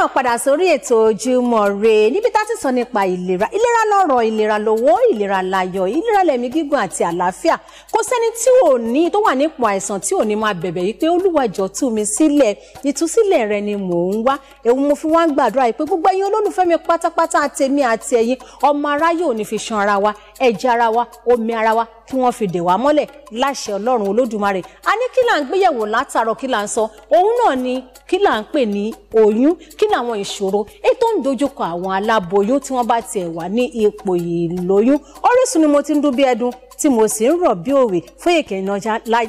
náà padà sórí ètò ojúmọ́ re níbi tá a ti sọ nípa ìlera ìlera lọ́rọ̀ ìlera lówó ìlera láyọ̀ ìlera lẹ̀mí gígùn àti àlàáfíà kò sẹ́ni tí ò ní tó wà nípò àìsàn tí ò ní máa bẹ̀bẹ̀ yìí pé Olúwa jọ̀ọ́ tú mi sílẹ̀ ìtúsílẹ̀ rẹ ni mò ń wá ewu mo fi wá ń gbàdúrà yìí pé gbogbo ẹ̀yin olólùfẹ́ mi pátápátá àtèmi àti ẹ̀yin ọmọ aráyé ò ní fi ṣan ara wa ẹ̀jẹ̀ ara wa omi ara wa kí wọ́n fi dè wá mọ́lẹ̀ láṣẹ ọlọ́run olódùmarè a ní kí là ń gbéyẹ̀wò látàárọ̀ kí là ń sọ òun náà ni kí là ń pè ní oyún kí làwọn ìṣòro ètò ń dojúkọ àwọn aláboyún tí wọ́n bá tiẹ̀ wà ní ipò ìlóyún Orísun ni mo ti ń dún bí ẹdun tí mo sì ń rọ̀ bí òwe Foyeke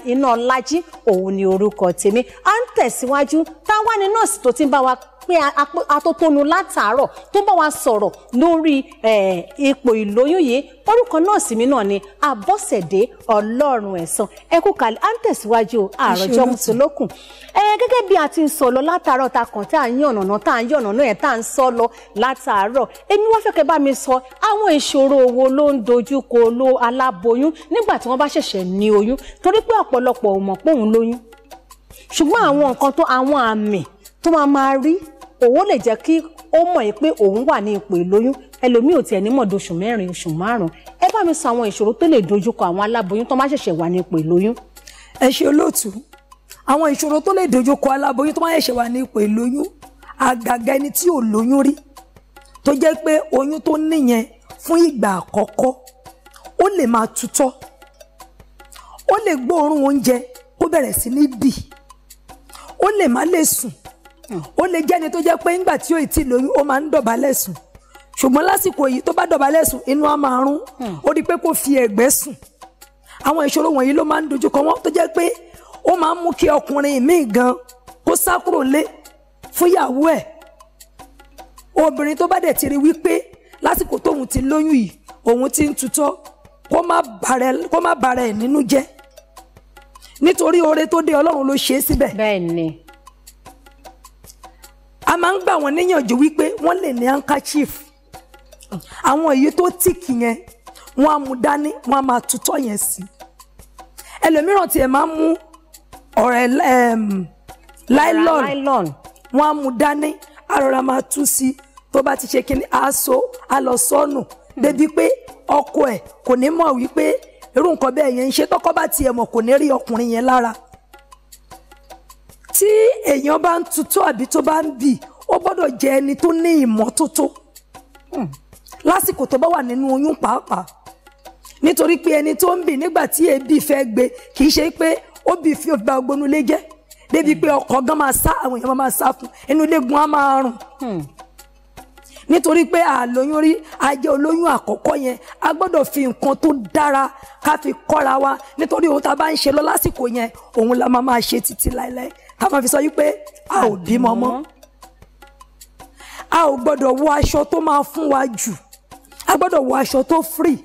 Inaolaji òun ni orúkọ tèmi à ń tẹ̀síwájú táwa ni nọ́ọ̀sì tó ti ń bá wa pé atótónu látàárọ̀ tó bá wa sọ̀rọ̀ lórí ipò ìlóyún yìí orúkọ nọ́ọ̀sì mi náà ni Abọ́sẹ̀dé Ọlọ́run ẹ̀san ẹ kú kalẹ̀ à ń tẹ̀síwájú àròjọ mùsùlùkùn gẹ́gẹ́ bí a ti ń sọ lọ látàárọ̀ ta kàn tá à ń yànnàná tá à ń yànnàná ẹ̀ tá à ń sọ lọ látàárọ̀ èmi wá fẹ́ kẹ́ bá mi sọ àwọn ìṣòro wo ló ń dojú kọ ló aláboyún nígbà tí wọ́n bá ṣẹ̀ṣẹ̀ ní oyún torí pé ọ̀pọ̀lọpọ̀ ò mọ̀ pé òun lóyún ṣùgbọ́n àwọn nǹkan tó àwọn àmì tó máa máa rí òun lè jẹ́ kí ó mọ̀ yìí pé òun wà ní ipò ìlóyún ẹlòmíì ò tiẹ̀ ní mọ̀ doṣù mẹ́rin oṣù márùn-ún ẹ bá mi sọ àwọn ìṣòro tó lè dojúkọ àwọn aláboyún tó máa ṣẹ̀ṣẹ̀ wà ní ipò ìlóyún. ẹ ṣe olóòtú àwọn ìṣòro tó lè dojúkọ aláboyún tó máa ṣẹ̀ṣẹ̀ wà ní ipò ìlóyún àgàgà ẹni tí ò lóyún rí tó jẹ́ pé oyún tó níyẹn fún ìgbà àkọ́kọ́ ó lè máa tutọ́ ó lè gbóòórùn ó lè jẹ́ni tó jẹ́ pé ńgbà tí ó ti lóyún ó máa ń dọ̀bálẹ̀ sùn ṣùgbọ́n lásìkò yìí tó bá dọ̀bálẹ̀ sùn inú á máa rún hmm. ó di pé kó fi ẹ̀gbẹ́ sùn àwọn ìṣòro wọ̀nyí ló máa ń dojúkọ wọn tó jẹ́ pé ó máa ń mú kí ọkùnrin míì gan kó sá kúrò lé fúnyàwó ẹ̀ obìnrin tó bá dẹ̀ ti rí wípé lásìkò tóun ti lóyún yìí òun ti ń tutọ́ kó má bàrẹ̀ nínú jẹ́ nítorí oore tó dé ọlọ́run ló ṣe síbẹ̀. bẹ́ẹ̀ ni máa ń gbà wọ́n níyànjú wípé wọ́n lè ní handkerchief àwọn èyí tó tìkì yẹn wọ́n á mú dání wọ́n á máa tutọ́ yẹn sí ẹlòmíràn tiẹ̀ máa ń mú ọ̀rẹ́ nylon wọ́n á mú dání á rọra máa tú sí tó bá ti ṣe kíní á so á lọ sọ́nù débi pé ọkọ ẹ̀ kò ní mọ̀ wípé irú nǹkan bẹ́ẹ̀ yẹn ń ṣe tọ́kọ bá tiẹ̀ mọ̀ kò ní rí ọkùnrin yẹn lára tí èèyàn bá ń tutọ́ àbí tó bá ń bì ó gbọ́dọ̀ jẹ́ ẹni tó ní ìmọ́tótó hmm. lásìkò tó bá wà nínú oyún pàápàá nítorí pé ẹni tó ń bì nígbà tí ebi fẹ́ gbé kì í ṣe pé ó bì fi òfin ọgbónú ilé jẹ́ débi pé ọkọ̀ gan máa sá àwọn èèyàn máa sá fún inú ilé gun á máa rùn hmm. nítorí pé àlóyún rí ajé olóyún àkọ́kọ́ yẹn a gbọ́dọ̀ fi nǹkan tó dára ká fi kọ́ra wa nítorí ohun tá bá ń ṣe lọ lásìkò yẹn òun la máa máa ṣe títí láéláé ká máa fi sọ yí pé a ò bímọ mọ́ a ò gbọ́dọ̀ wọ aṣọ tó máa fún wa jù a gbọ́dọ̀ wọ aṣọ tó free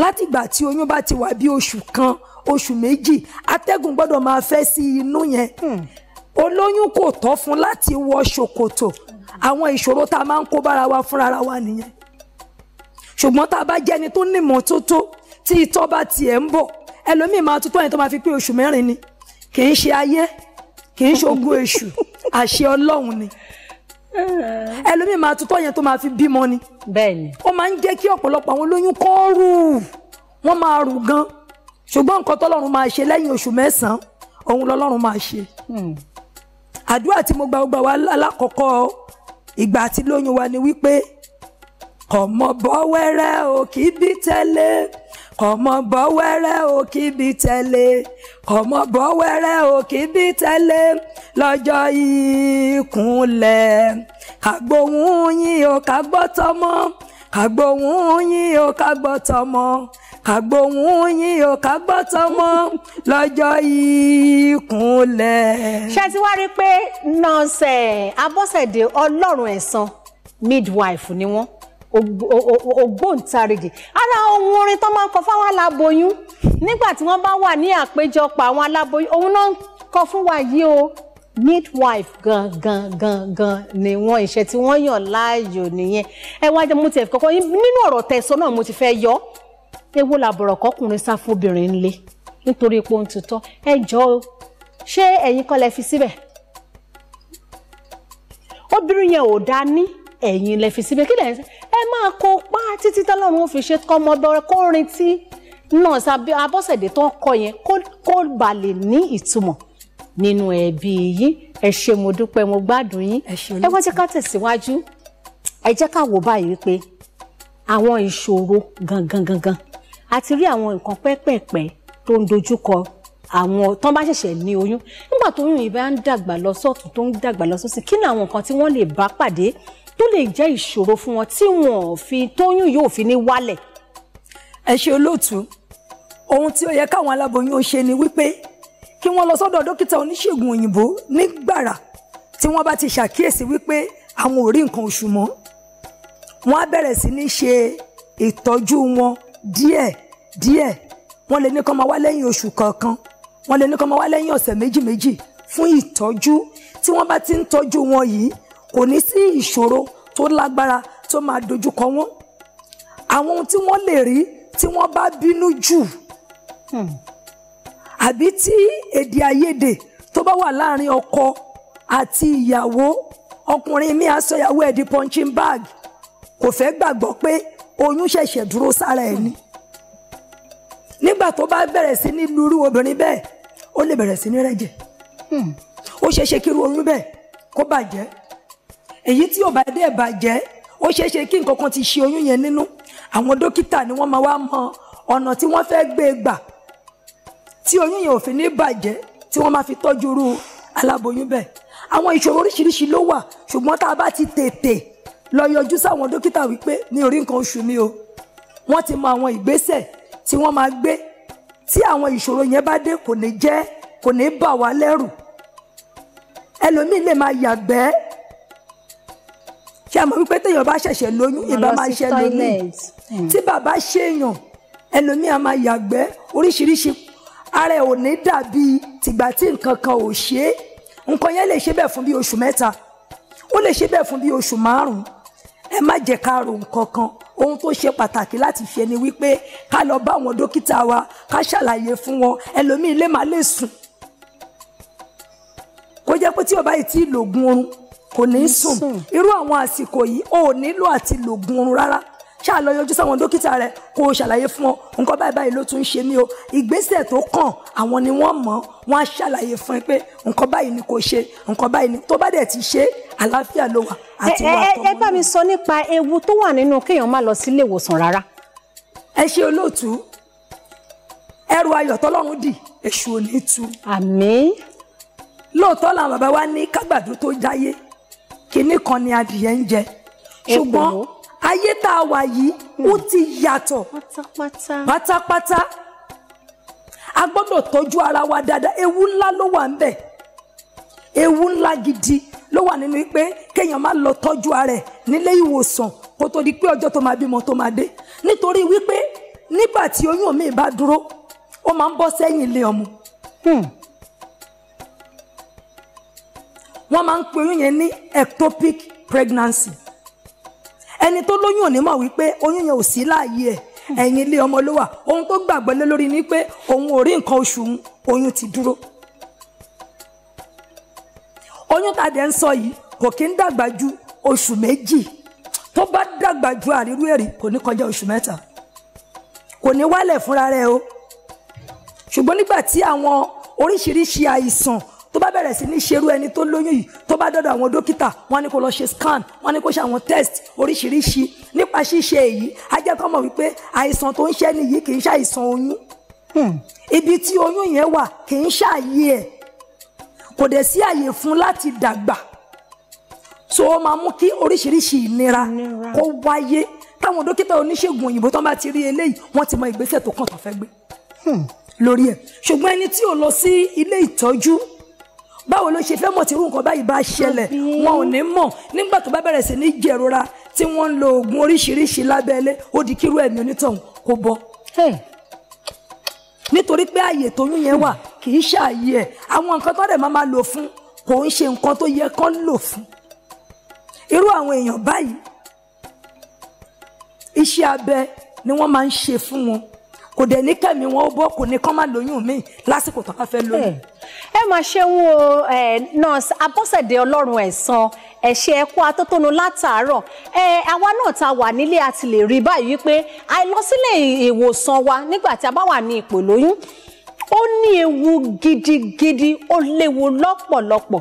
láti ìgbà tí oyún bá ti wà bí oṣù kan oṣù méjì atẹ́gùn gbọ́dọ̀ máa fẹ́ sí inú yẹn hmm. olóyún kò tọ́ fún láti wọ ṣòkòtò àwọn ìṣòro tá a máa ń kó bára wa fúnra wa nìyẹn ṣùgbọ́n tá a bá jẹ́ni tó nímọ̀ tó tó tí itọ́ bá tiẹ̀ ń bọ̀ ẹlòmíì máa tutọ́ ẹni tó máa fi pé oṣù mẹ́rin ni kì í ṣe ayé kì í ṣogun èṣù àṣẹ ọlọ́run ni Eh. ẹlòmíì máa tutọ́ yẹn tó máa fi bímọ ni. bẹ́ẹ̀ni. ó máa ń jẹ́ kí ọ̀pọ̀lọpọ̀ àwọn olóyún kọ́ rù wọ́n máa rù gan ṣùgbọ́n nǹkan tọ́lọ́run máa ṣe lẹ́yìn oṣù mẹ́sàn òun lọ́lọ́run máa ṣe. Hmm. àdúrà tí mo gba ọgbà wa alákọ̀ọ́kọ́ ìgbà àti lóyún wa ni wípé kọ̀mọ̀bọ̀ wẹ́rẹ́ ò kì í bí tẹ́lẹ̀ ọmọ bọ́ wẹ́rẹ́ o kì bí tẹ́lẹ̀ ọmọ bọ́ wẹ́rẹ́ o kì bí tẹ́lẹ̀ lọ́jọ́ ìkúnlẹ̀ kàgbóhùn yín o kàgbọ́ tọmọ kàgbóhùn yín o kàgbọ́ kàgbóhùn yín o kàgbọ́ tọmọ lọ́jọ́ ìkúnlẹ̀. pé nọ́ọ̀sẹ̀ abọ́sẹ̀dé ọlọ́run ẹ̀san midwife ni wọ́n ògbóǹtarìgì ara ohun orin tó máa ń kọ fáwọn aláboyún nígbà tí wọ́n bá wà ní àpéjọpọ̀ àwọn aláboyún òun náà ń kọ fún wa yìí o midwife gan gan gan gan ni wọ́n iṣẹ́ tí wọ́n yàn láàyò nìyẹn ẹ wá jẹ mo ti ẹ kọ́kọ́ nínú ọ̀rọ̀ tẹsán náà mo ti fẹ́ yọ ewu làbọ̀rọ̀ kọkùnrin sáfóbìnrin ńlẹ nítorí epo ń tutọ́ ẹ jọ o ṣé ẹ̀yin kọ́ lẹ fi síbẹ̀ obìnrin yẹn ò dá ní ẹ̀yin lẹ fi síbẹ̀ kí lẹ ń sẹ ẹ máa kópa títí tọ́lọ́run ó fi ṣe kọ́mọdọ́rẹ́ kórin tí nọ́ọ̀sì abọ́sẹ̀dé tó ń kọ yẹn kó bà lè ní ìtumọ̀ nínú ẹbí yín ẹ ṣé mo dúpẹ́ mo gbádùn yín ẹ wá jẹ́ ká tẹ̀síwájú ẹ jẹ́ ká wò báyìí wípé àwọn ìṣòro gangan gangan àti rí àwọn nǹkan pẹ́pẹ̀pẹ́ tó ń dojúkọ àwọn tán bá ṣẹ̀ṣẹ̀ ní oyún nígbà tó oyún yìí bá ń dàgbà lọ sọ́tún tó ń dàgbà lọ sósì kí ni àwọn nǹkan tí wọ́n lè bá pàdé tó lè jẹ́ ìṣòro fún wọn tí wọn fi tóyún yóò fi ní wálẹ̀. ẹ ṣe olóòtú ohun tí ó yẹ káwọn aláboyún ó ṣe ni wípé kí wọ́n lọ sọ́dọ̀ dókítà oníṣègùn òyìnbó ní gbàrà tí wọ́n bá ti ṣàkíyèsí wípé àwọn ò rí nǹkan oṣù mọ́ wọ́n á bẹ̀rẹ̀ sí ní ṣe ìtọ́jú wọn díẹ̀ díẹ̀ wọ́n lè ní kó máa wá lẹ́yìn oṣù kọ̀ọ̀kan wọ́n lè ní kó máa wá lẹ́yìn ọ̀sẹ̀ méjì méjì fún ìtọ́jú tí wọ́n bá ti ń tọ́jú wọn yìí kò ní sí ìṣòro tó lágbára tó máa dojúkọ wọn àwọn ohun tí wọ́n lè rí tí wọ́n bá bínú jù hmm. àbí tí èdè àìyedè tó bá wà láàrin ọkọ àti ìyàwó ọkùnrin mi á sọ ìyàwó di punching bag kò fẹ́ gbàgbọ́ pé oyún ṣẹ̀ṣẹ̀ dúró sára ẹ̀ ni nígbà tó bá bẹ̀rẹ̀ sí ní lurú obìnrin bẹ́ẹ̀ ó lè bẹ̀rẹ̀ sí ní rẹ̀jẹ̀ hmm. ó ṣeé ṣe kí irú oyún bẹ́ẹ̀ kó bàjẹ́ èyí tí ò bá dé ẹ̀ bàjẹ́ ó ṣeé ṣe kí nǹkan kan ti ṣe oyún yẹn nínú àwọn dókítà ni wọ́n máa wá mọ ọ̀nà tí wọ́n fẹ́ gbé e gbà tí oyún yẹn ò fi ní bàjẹ́ tí wọ́n máa fi tọ́jú irú aláboyún bẹ́ẹ̀ àwọn ìṣòro oríṣiríṣi ló wà ṣùgbọ́n tá a bá ti tètè lọ yọjú sáwọn dókítà wípé ní orí nǹkan oṣù mi o wọ́n ti mọ àwọn ìgbésẹ̀ tí wọ́n máa gbé tí àwọn ìṣòro yẹn bá dé kò ní jẹ́ kò ní bà wá lẹ́rù ẹlòmíín lè máa yàgbẹ́ ṣe àmọ́ wípé téèyàn bá ṣẹ̀ṣẹ̀ lóyún ibà máa ṣe ẹlòmíì hmm. tí bàbá ṣèyàn ẹlòmíì á máa yàgbẹ́ oríṣiríṣi ara ẹ̀ ò ní dàbí tìgbà tí nǹkan kan ò ṣe é nǹkan yẹn lè ṣe bẹ́ẹ̀ fún bí oṣù mẹ́ta ó lè ṣe bẹ́ẹ̀ fún bí oṣù márùn-ún ẹ má jẹ́ ká ro nǹkan kan ohun tó ṣe pàtàkì láti ṣe ni wípé ká lọ bá àwọn dókítà wa ká ṣàlàyé fún wọn ẹlòmíì lè má lè sùn kó jẹ́ pé tí o bá yìí tí ì lògùn oorun kò ní sùn irú àwọn àsìkò yìí o ò nílò àti lògùn oorun rárá ṣáà yọjú sáwọn dókítà rẹ kó o ṣàlàyé fún ọ nǹkan báyìí báyìí ló tún ń ṣe mí o ìgbésẹ̀ tó kàn àwọn ni wọ́n mọ̀ wọ́n á ṣàlàyé fún ẹ pé nǹkan báyìí ni kò ṣe nǹkan báyìí ni tó bá dẹ̀ ti ṣe àlàáfíà ló wà àti wà tọmọ. ẹ bá mi sọ nípa ewu tó wà nínú kéèyàn má lọ sílé ìwòsàn rárá. ẹ ṣe olóòtú ẹrù ayọ̀ tọ́lọ́run dì èṣù ò ní tú. àmín. lóòótọ́ làwọn bàbá wa ní kinní kan ni adìyẹ ń jẹ ṣùgbọ́n ayé tá a wà yìí hmm. ó ti yàtọ̀ pátápátá a gbọ́dọ̀ tọ́jú ara wa dáadáa ewu ńlá ló wà ń bẹ̀ ewu ńlá gidi ló wà nínú pé kéèyàn má lọ tọ́jú ara ẹ̀ nílé ìwòsàn kó tó di pé ọjọ́ tó máa bímọ tó máa dé nítorí wípé nígbà tí oyún mi bá dúró ó máa ń bọ́ sẹ́yìn ilé ọmọ. Hmm. wọ́n máa ń pe oyún yẹn ní ectopic pregnancy ẹni tó lóyún ò ní mọ̀ wípé oyún yẹn ò sí láàyè ẹ̀ ẹ̀yìn ilé ọmọ ló wà ohun tó gbàgbọ́ lé lórí ni pé òun ò rí nǹkan oṣù oyún ti dúró oyún tá a dẹ̀ ń sọ yìí kò kí ń dàgbà ju oṣù méjì tó bá dàgbà ju àrírú ẹ̀rí kò ní kọjá oṣù mẹ́ta kò ní wálẹ̀ fúnra rẹ̀ o ṣùgbọ́n nígbà tí àwọn oríṣiríṣi àìsàn tó bá bẹ̀rẹ̀ sí ní ṣerú ẹni tó lóyún yìí tó bá dọ́dọ̀ àwọn dókítà wọ́n ní kó lọ ṣe scan wọ́n ní kó ṣe àwọn test oríṣiríṣi nípa ṣíṣe èyí á jẹ́ kó mọ̀ wípé àìsàn tó ń ṣe ni yìí kì í ṣàìsàn oyún hmm. ibi tí oyún yẹn wà kì í ṣàyè ẹ̀ kò dẹ̀ sí àyè fún láti dàgbà so ó máa mú kí oríṣiríṣi ìnira kó wáyé táwọn dókítà oníṣègùn òyìnbó tó bá ti rí eléyìí wọ́n ti mọ ìgbésẹ̀ tó kàn tó fẹ́ gbé hmm. lórí ẹ̀ ṣùgbọ́n ẹni tí ò lọ sí ilé ìtọ́jú báwo ló ṣe fẹ́ mọ̀ tí irú nǹkan báyìí bá ṣẹlẹ̀ wọn ò ní mọ̀ nígbà tó bá bẹ̀rẹ̀ sí ní jẹ̀rora tí wọ́n ń lo oògùn oríṣiríṣi lábẹ́lé ó di kírú ẹ̀mí onítọ̀hún kó bọ́ hmm. nítorí pé ààyè tóyún yẹn wà kì í ṣààyè ẹ̀ àwọn nǹkan tó dẹ̀ máa máa lò fún kò ń ṣe nǹkan tó yẹ kán lò fún irú àwọn èèyàn báyìí iṣẹ́ abẹ ni wọ́n máa ń ṣe fún wọn kò dẹ̀ ní kẹ́mi wọn ó bọ́ kò ní kán má lóyún míì lásìkò tó bá fẹ́ lóyún. Hmm ẹ máa ṣeun o nurse Abọ́sẹ̀dé Ọlọ́run ẹ̀san ẹ̀ṣẹ̀ ẹ̀kọ́ atótónu látàárọ̀ àwa náà ta wà nílé a ti lè rí báyìí wípé àìlọsílẹ̀ ìwòsàn wa nígbà tí a bá wà ní ipò lóyún ó ní ewu gidigidi ó léwu lọ́pọ̀lọpọ̀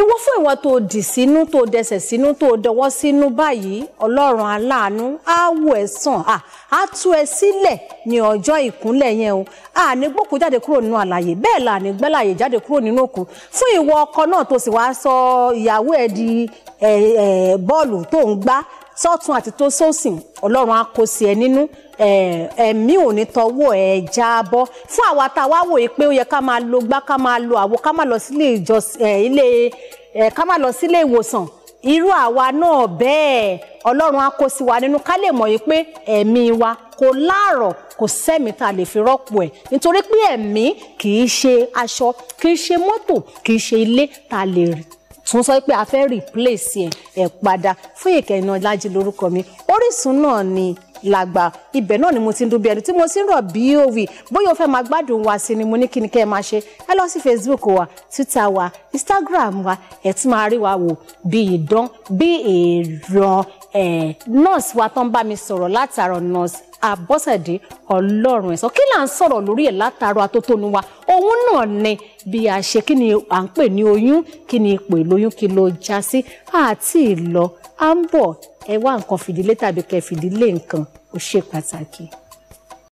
ìwọ fún ìwọ tó dì sínú tó dẹsẹ̀ sínú tó dọwọ́ sínú báyìí ọlọ́run aláàánú á wò ẹ́ sàn à á tú ẹ sílẹ̀ ní ọjọ́ ìkúnlẹ̀ yẹn o à ní gbókùn jáde kúrò nínú àlàyé bẹ́ẹ̀ là ní gbẹ́láyè jáde kúrò nínú òkun fún ìwọ ọkọ náà tó sì wáá sọ ìyàwó ẹ di bọ́ọ̀lù tó ń gbá sọ́tún àti tó sósìn ọlọ́run á kó sí ẹ nínú ẹ̀mí ò ní tọwọ́ ẹ jábọ́ fún àwa tá a wá wòye pé ó yẹ ká máa lo gbá ká máa lo àwo ká máa lọ sílé ìjọsìn ilé ká máa lọ sílé ìwòsàn irú àwa náà bẹ́ẹ̀ ọlọ́run á kó sí wa nínú ká lè mọ̀ yìí pé ẹ̀mí wa kò láàrọ̀ kò sẹ́mi tá a lè fi rọ́pò ẹ̀ nítorí pé ẹ̀mí kì í ṣe aṣọ kì í ṣe mọ́tò kì í ṣe ilé tá a lè rí tún sọ pé a fẹ́ replace ẹ̀ ẹ̀ padà Foyeke Inaolaji lórúkọ mi Orísun náà ni làgbà ibẹ̀ náà ni mo ti ń dún ẹni tí mo ti ń rọ̀ bí òwì bóyá o fẹ́ máa gbádùn wa sí ni mo ní kí ni kẹ́ ẹ máa ṣe ẹ lọ sí Facebook wa Twitter wa Instagram wa ẹ tún máa rí wa wò bí ìdán bí ìran nọ́ọ̀sì wa tó ń bá mi sọ̀rọ̀ látàrọ̀ nọ́ọ̀sì àbọ́sẹ̀dé ọlọ́run ẹ̀sán kí là ń sọ̀rọ̀ lórí ẹ̀ látàrọ atótónu wa òun náà ni bí a ṣe kí ni à ń pè ní oyún kí ni ipò ìlóyún kí ló já sí àti ìlọ à ń bọ̀ ẹ wá nǹkan fìdílé tàbí kẹ́ fìdílé nǹkan ó ṣe pàtàkì.